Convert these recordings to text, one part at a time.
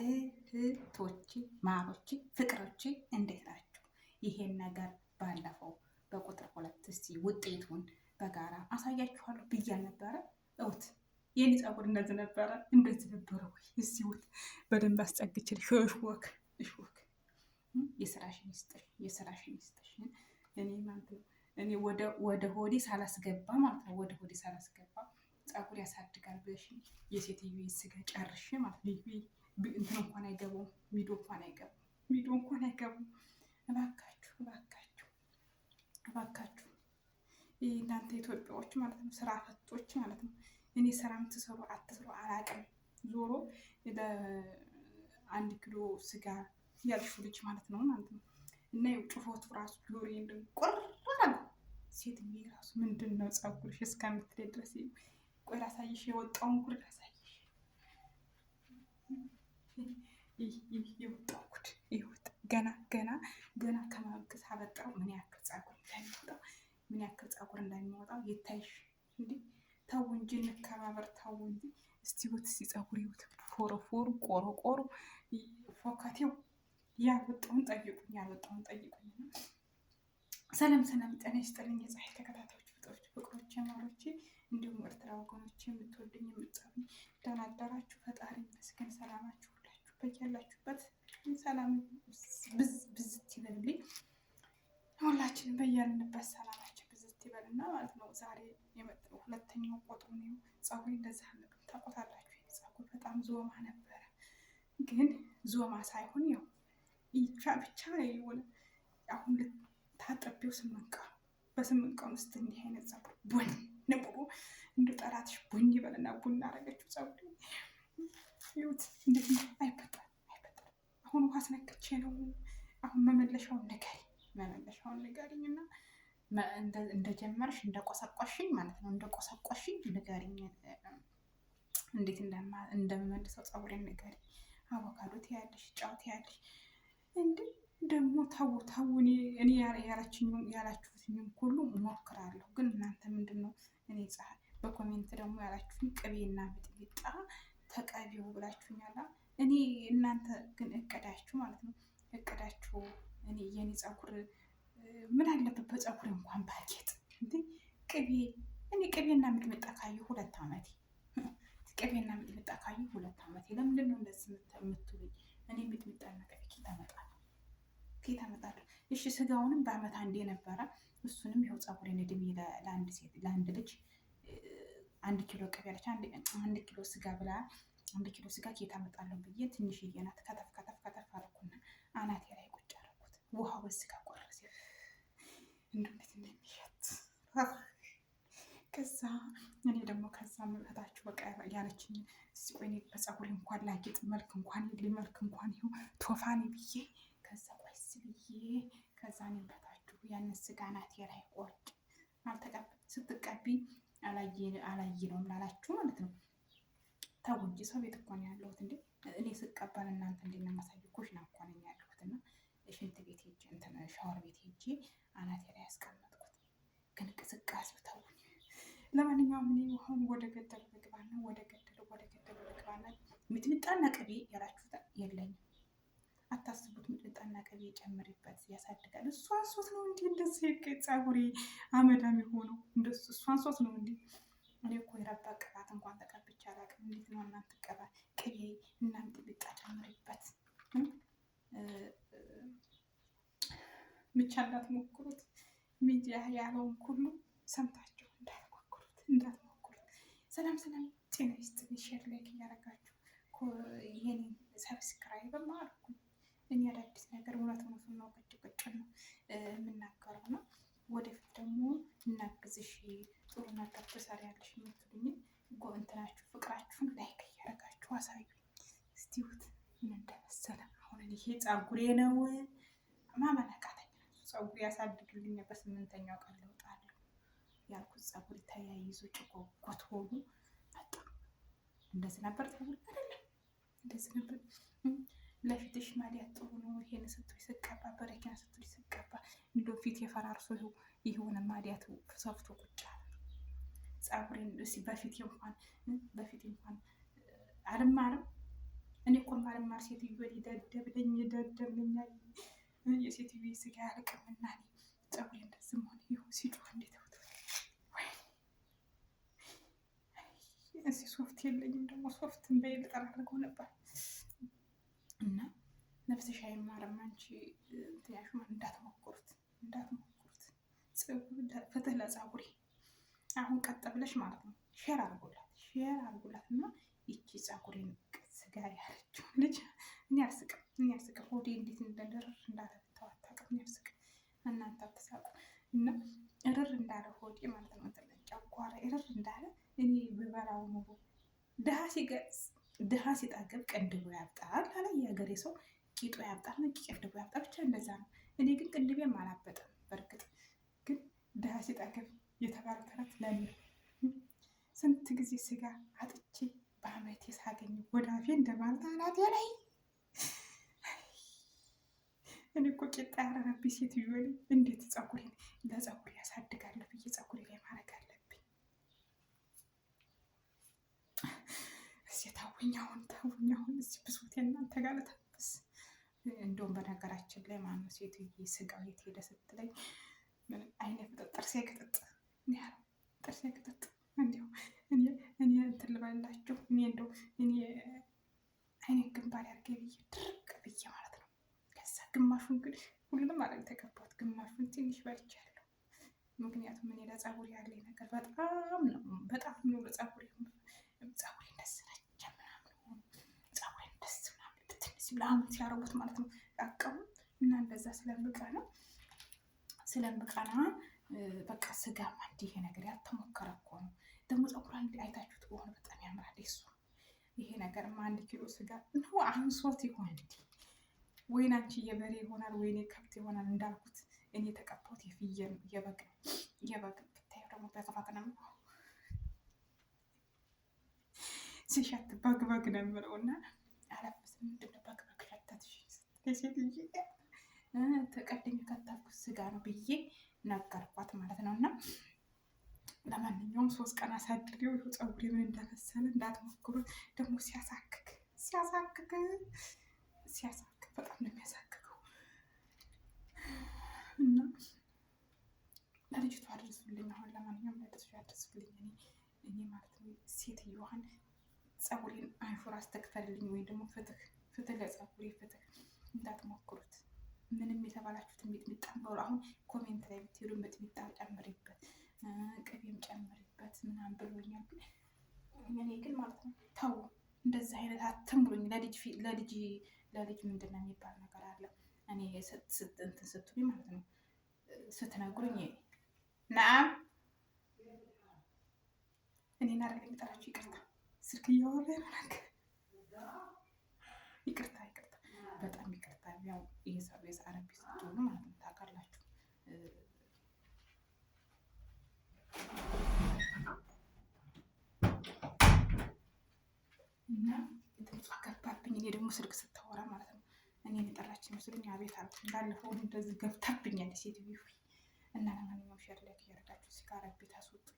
እህቶች፣ ማሮች፣ ፍቅሮች እንዴት ናችሁ? ይሄን ነገር ባለፈው በቁጥር ሁለት እስቲ ውጤቱን በጋራ አሳያችኋለሁ ብያ ነበረ። እውት የኔ ፀጉር እንደዚህ ነበረ፣ እንደዚህ ነበረ ወይ? እስቲ ውት በደንብ አስጠግችል። ሽወክ ሽወክ የስራሽን ይስጥሽ፣ የስራሽን ይስጥሽ። እኔ ማለት እኔ ወደ ሆዴ ሳላስገባ ማለት ነው፣ ወደ ሆዴ ሳላስገባ ፀጉር ያሳድጋል ብለሽ የሴትዮ ስጋ ጨርሽ ማለት ነው እንትን እንኳን አይገባውም፣ ሚዶ እንኳን አይገባውም፣ ሚዶ እንኳን አይገባውም። እባካችሁ እባካችሁ እባካችሁ እናንተ ኢትዮጵያዎች ማለት ነው፣ ስራ ፈቶች ማለት ነው። እኔ አትስሩ አላውቅም። ዞሮ አንድ ኪሎ ስጋ ያልሹ ልጅ ማለት ነው ማለት ነው እና ይኸው ራሱ ሴትዬ ራሱ ምንድን ነው ፀጉርሽ እስከምትለኝ ድረስ ቆይ ላሳይሽ የወጣውን ጉድ ላሳይ የወጣኩት ይወጥ ገና ገና ገና ከማብቀት አበጥረው ምን ያክል ፀጉር እንደሚወጣው ምን ያክል ፀጉር እንደሚወጣው ይታይሽ እንዴ! ተው እንጂ እንከባበር፣ ተው እንጂ እስቲ ወት እስቲ ፀጉር ይወት ፎረፎሩ፣ ቆሮቆሩ፣ ፎከቴው ያልወጣውን ጠይቁኝ፣ ያልወጣውን ጠይቁኝ። ሰላም ሰላም፣ ጤና ይስጥልኝ የፀሐይ ተከታታዮች ፍቅሮች ፍቅሮች ማሮቼ እንዲሁም ኤርትራ ወገኖቼ የምትወልድኝ የምትጸፉኝ ደህና አደራችሁ። ፈጣሪ ይመስገን። ሰላማችሁ በያላችሁበት ሰላም ብዝት ይበልልኝ። ሁላችን በያልንበት ሰላማችን ብዝት ይበልና ማለት ነው። ዛሬ የመጣው ሁለተኛው ቁጥር ነው። ፀጉር እንደዚህ አለብን ታቆታላችሁ። ፀጉር በጣም ዞማ ነበረ፣ ግን ዞማ ሳይሆን ያው ይቻ ብቻ የሆነ አሁን ልታጠቢው ስምንት ቀን በስምንት ቀን ውስጥ እንዲህ አይነት ፀጉር ቡን ንብሩ እንደ ጠላትሽ ቡን ይበልና ቡና አረገችው ፀጉር ይሁት እንደዚህ እንደጀመርሽ እንደቆሰቆሽኝ ማለት ነው። እንደቆሰቆሽኝ ንገሪኝ፣ እንዴት እንደምመልሰው ፀጉሬን ንገሪኝ። አቮካዶ ትያለሽ፣ ጫው ትያለሽ። እንዴ ደግሞ ተው ተው፣ እኔ ያላችሁትኝም ሁሉ ሞክራለሁ። ግን እናንተ ምንድን ነው እኔ ፀሐይ በኮሜንት ደግሞ ያላችሁኝ ቅቤና ሚጥሚጣ ተቀቢው ብላችሁኛላ። እኔ እናንተ ግን እቅዳችሁ ማለት ነው እቅዳችሁ እኔ የኔ ፀጉር ምን አለበት በፀጉር እንኳን ባጌጥ እንዴ ቅቤ እኔ ቅቤና ሚጥሚጣ ካየሁ ሁለት ዓመቴ ቅቤና ሚጥሚጣ ካየሁ ሁለት ዓመቴ ለምንድን ነው እንደዚህ የምትሉኝ እኔ ሚጥሚጣና ቅቤ ኬት አመጣለሁ ኬት አመጣለሁ እሺ ስጋውንም በአመት አንዴ ነበረ እሱንም ይኸው ፀጉሬን እድሜ ለአንድ ሴት ለአንድ ልጅ አንድ ኪሎ ቅቤ አለች አንድ ኪሎ ስጋ ብላ አንድ ኪሎ ስጋ ኬት አመጣለሁ ብዬ ትንሽዬ ናት ከተፍ ከተፍ ከተፍ አደረኩና አናቴ ላይ ቁጭ አደረኩት ውሃ በስጋ እንዴት እንደሚሸት ከዛ እኔ ደግሞ ከዛ መምጣታችሁ በቃ ያለችኝ እስቲ ቆይ በፀጉሬ እንኳን ላጌጥ መልክ እንኳን ሊ መልክ እንኳን ይሁ ቶፋኔ ብዬ ከዛ ቆይስ ብዬ ከዛ መምጣታችሁ ያንን ስጋ ናቴ ላይ ቆርጭ አልተቀብ ስትቀቢ አላየ ነው ምላላችሁ ማለት ነው። ተው እንጂ ሰው ቤት እኮ ነው ያለሁት እንዴ እኔ ስቀበል እናንተ እንዴ ነው የማሳየው? ለማንኛውም እኔ አሁን ወደ ገደሉ ምግባና ወደ ገደሉ ወደ ገደሉ ምግባና ሚጥሚጣና ቅቤ ያላችሁት የለኝም። አታስቡት። ሚጥሚጣና ቅቤ ጨምሪበት ያሳድጋል። እሷን ሶት ነው እንዲህ እንደዚህ ፀጉሬ አመዳም የሆነው እንደሱ እሷን ሶት ነው እንዲህ እኔ እኮ የረባ ቅባት እንኳን ተቀብቼ አላውቅም። እንዴት ነው እናንተ ቅባት ቅቤ እና ሚጥሚጣ ጨምሪበት ብቻ እንዳትሞክሩት። ሚዲያ ያለውን ሁሉ ሰምታችሁ እንዳትሞክሩ። ሰላም ሰላም፣ ጤና ይስጥልኝ። ሼር ላይክ እያደረጋችሁ ይህን ሰብስክራይብም አድርጉኝ። እኔ አዳዲስ ነገር እውነት እውነቱን ነው ቅጭ ቅጭ ነው የምናገረው ነው። ወደፊት ደግሞ እናግዝሽ ጥሩ ነገር ትሰሪያለሽ የምትሉኝን ጎንትናችሁ ፍቅራችሁን ላይክ እያደረጋችሁ አሳዩ። እስቲሁት ምን እንደመሰለ አሁን ይሄ ጸጉሬ ነው ማመን አቃተኝ። ጸጉሬ ያሳድግልኝ በስምንተኛው ቀን ለውጥ ያልኩት ፀጉር ተያይዞ ጭቆቆት ሆኑ መጣ። እንደዚህ ነበር ፀጉር አይደለም፣ እንደዚህ ነበር። ለፊትሽ ማዲያ ጥሩ ነው። ይሄን ስትይ ስቀባ በረኪና ስትይ ስቀባ እንዶ ፊት የፈራርሶ የሆነ ማዲያቱ ሰፍቶ ቁጭ አለ። ፀጉሬን በፊት እንኳን በፊት እንኳን አልማርም። እኔ እኮ ማልማር ሴትዮ ደደብለኝ ደደብለኛል። የሴትዮ ስጋ ያልቅምና ፀጉሬ እንደዚህ ሆነ ይሁ ሲጮህ እንዴት እዚህ ሶፍት የለኝም። ደግሞ ሶፍት እንበይ ልጠራ ነበር እና ነፍስሽ አይማርም አንቺ ትያሹን እንዳትሞክሩት እንዳትሞክሩት። ፍትህ ለፀጉሬ አሁን ቀጥ ብለሽ ማለት ነው ሼር አድርጎላት ሼር አርጉላት እና ይቺ ፀጉሬን ስጋ ያለችው። ልጅ ድሃ ሲጠግብ ቅንድቡ ያብጣል አለ የሀገሬ ሰው። ቂጡ ያብጣል ነው ቅንድቡ ያብጣል፣ ብቻ እንደዛ ነው። እኔ ግን ቅንድቤም አላበጠም። በእርግጥ ግን ድሃ ሲጠግብ የተባለ ተረት ለኔ ስንት ጊዜ ስጋ አጥቼ በአመቴ ሳገኝ ወዳፌ እንደማለት አናቴ ላይ እኔ እኮ ቂጣ ያረረብኝ ሴትዮ እንዴት ጸጉሬን ለጸጉሬ ተውኝ አሁን ተውኝ አሁን እዚህ ብሶት እናንተ ጋር ልተንፍስ። እንደውም በነገራችን ላይ ማነው ሴትዬ ስጋ ቤት ሄደ ስትለኝ ምንም አይነት ጥርሴ ቅጥጥ ያለው ጥርሴ ቅጥጥ እንዲሁ እኔ እንትን ልበላችሁ እኔ እንደው እኔ አይነት ግንባር ያርጌ ብዬ ድርቅ ብዬ ማለት ነው። ከዛ ግማሹን ግን ሁሉንም አለ ተገባት ግማሹን ትንሽ በልቻለሁ። ምክንያቱም እኔ ለጸጉር ያለኝ ነገር በጣም ነው በጣም ነው ለፀጉር ፀጉር ለአመት ሲያረጉት ማለት ነው ያቀቡ እና እንደዛ ስለምቀና ስለምቀና በቃ ስጋ እንዲህ ይሄ ነገር ያልተሞከረ እኮ ነው። ደግሞ ፀጉር አንድ አይታችሁት በሆነ በጣም ያምራል። እሱ ይሄ ነገር አንድ ኪሎ ስጋ ነው አንሶት ይሆን እንዲ ወይን አንቺ የበሬ ይሆናል ወይኔ ከብት ይሆናል እንዳልኩት እኔ የተቀባሁት የፍየል የበግ የበግ ብታየው ደግሞ በጥራት ነው ሲሸት በግ በግ ነው የምለው እና አለፍስ ምንድነው ለሴት ልጅ የከተፍኩት ስጋ ነው ብዬ ነገርኳት ማለት ነው። እና ለማንኛውም ሶስት ቀን አሳድሬው ይኸው ፀጉሬ ምን እንደመሰለ እንዳትሞክሩት። ደግሞ ሲያሳክክ ሲያሳክክ ሲያሳክክ በጣም ነው የሚያሳክከው። እና ለልጅቷ አድርሱልኝ፣ አሁን ለማንኛውም ለልጅቷ አድርሱልኝ እኔ ማለት ነው። ሴትዮዋን ፀጉሬን አንሹራ አስተክፈልልኝ፣ ወይም ደግሞ ፍትህ ፍትህ ለፀጉሬ ፍትህ እንዳትሞክሩት። ምንም የተባላችሁትን ሚጥሚጣ ኖሩ አሁን ኮሜንት ላይ ብትሄዱ ሚጥሚጣ ጨምሪበት፣ ቅቤም ጨምሪበት ምናምን ብሎኛል። ግን እኔ ግን ማለት ነው ተው እንደዚህ አይነት አትምሩኝ። ለልጅ ለልጅ ለልጅ ምንድን ነው የሚባል ነገር አለ። እኔ እንትን ስትሉኝ ማለት ነው ስትነግሩኝ ናም እኔ ናረግ የሚጠራችሁ ይቅርታ፣ ስልክ እያወራ ይቅርታ፣ ይቅርታ በጣም ያው ይሄ ሰርቪስ ስትሆኑ ማለት ነው ታውቃላችሁ። እና ድምጿ ገባብኝ። እኔ ደግሞ ስልክ ስታወራ ማለት ነው እኔ የጠራች መስሎኝ አቤት አልኩ። እንዳለፈው እንደዚህ ገብታብኛል ሴትዮ እና ለማንኛውም ሸር ላይ እያደረጋችሁ ሲጋራ ቤት አስወጡኝ።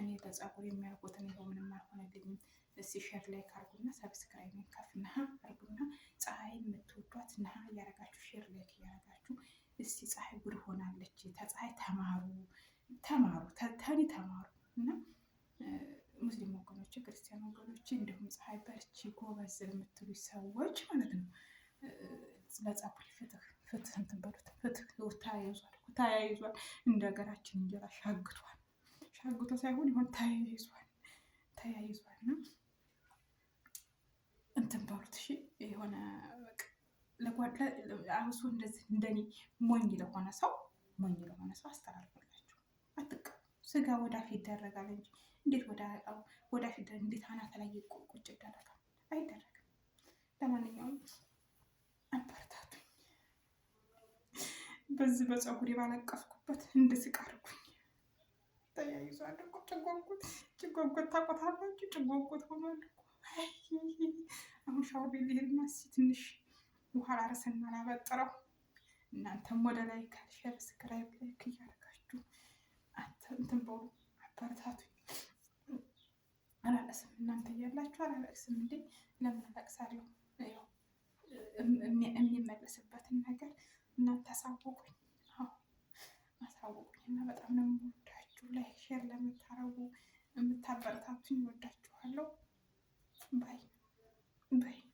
እኔ ለጸጉር የሚያልኩትን ይኸው ምንም አልሆነልኝም። እስቲ ሼር ላይክ አርጉና ሰብስክራይብ ከፍ ነሀ አርጉና ፀሐይ የምትወዷት ነሀ እያረጋችሁ ሼር ላይክ እያረጋችሁ እስቲ ፀሐይ ጉድ ሆናለች። ተፀሐይ ተማሩ ተማሩ ተተኒ ተማሩ እና ሙስሊም ወገኖች፣ ክርስቲያን ወገኖች እንዲሁም ፀሐይ በርቺ ጎበዝ የምትሉ ሰዎች ማለት ነው ለፀጉር ፍትህ ፍትህ እንትን በሉት ፍትህ ተያይዟል ተያይዟል። እንደ ሀገራችን እንጀራ ሻግቷል ሻግቶ ሳይሆን ይሆን ተያይዟል ተያይዟል ነው። እንትን በሉት እሺ። የሆነ አብሶ እንደዚህ እንደኔ ሞኝ ለሆነ ሰው ሞኝ ለሆነ ሰው አስተላልፎላችሁ አትቀሩ። ስጋ ወዳፍ ይደረጋል እንጂ እንዴት ወዳፍ እንዴት አናት ላይ ቁጭ ይደረጋል? አይደረግም። ለማንኛውም አበረታቱኝ። በዚህ በፀጉር ባለቀስኩበት እንድስቅ አድርጉኝ። ተያይዞ አድርጎ ጭጓጉት ጭጓጉት ታቆታላችሁ። ጭጓጉት ሆኖ አድርጎ አሁን ሻወር ቤት ልሄድና እስኪ ትንሽ ውሃ ላረስና ላበጥረው። እናንተም ወደ ላይ ሼር፣ ሰብስክራይብ፣ ላይክ እያደረጋችሁ እንትን በሉ አበረታቱ። አላለቅስም እናንተ እያላችሁ አላለቅስም እንዴ? ለምን አለቅሳለሁ? የሚመለስበትን ነገር እናንተ አሳውቁኝ። አሳውቁኝ። እና በጣም ነው የምወዳችሁ። ላይክ ሼር ለምታረጉ የምታበረታቱኝ ወዳችኋለሁ። Bye. Bye.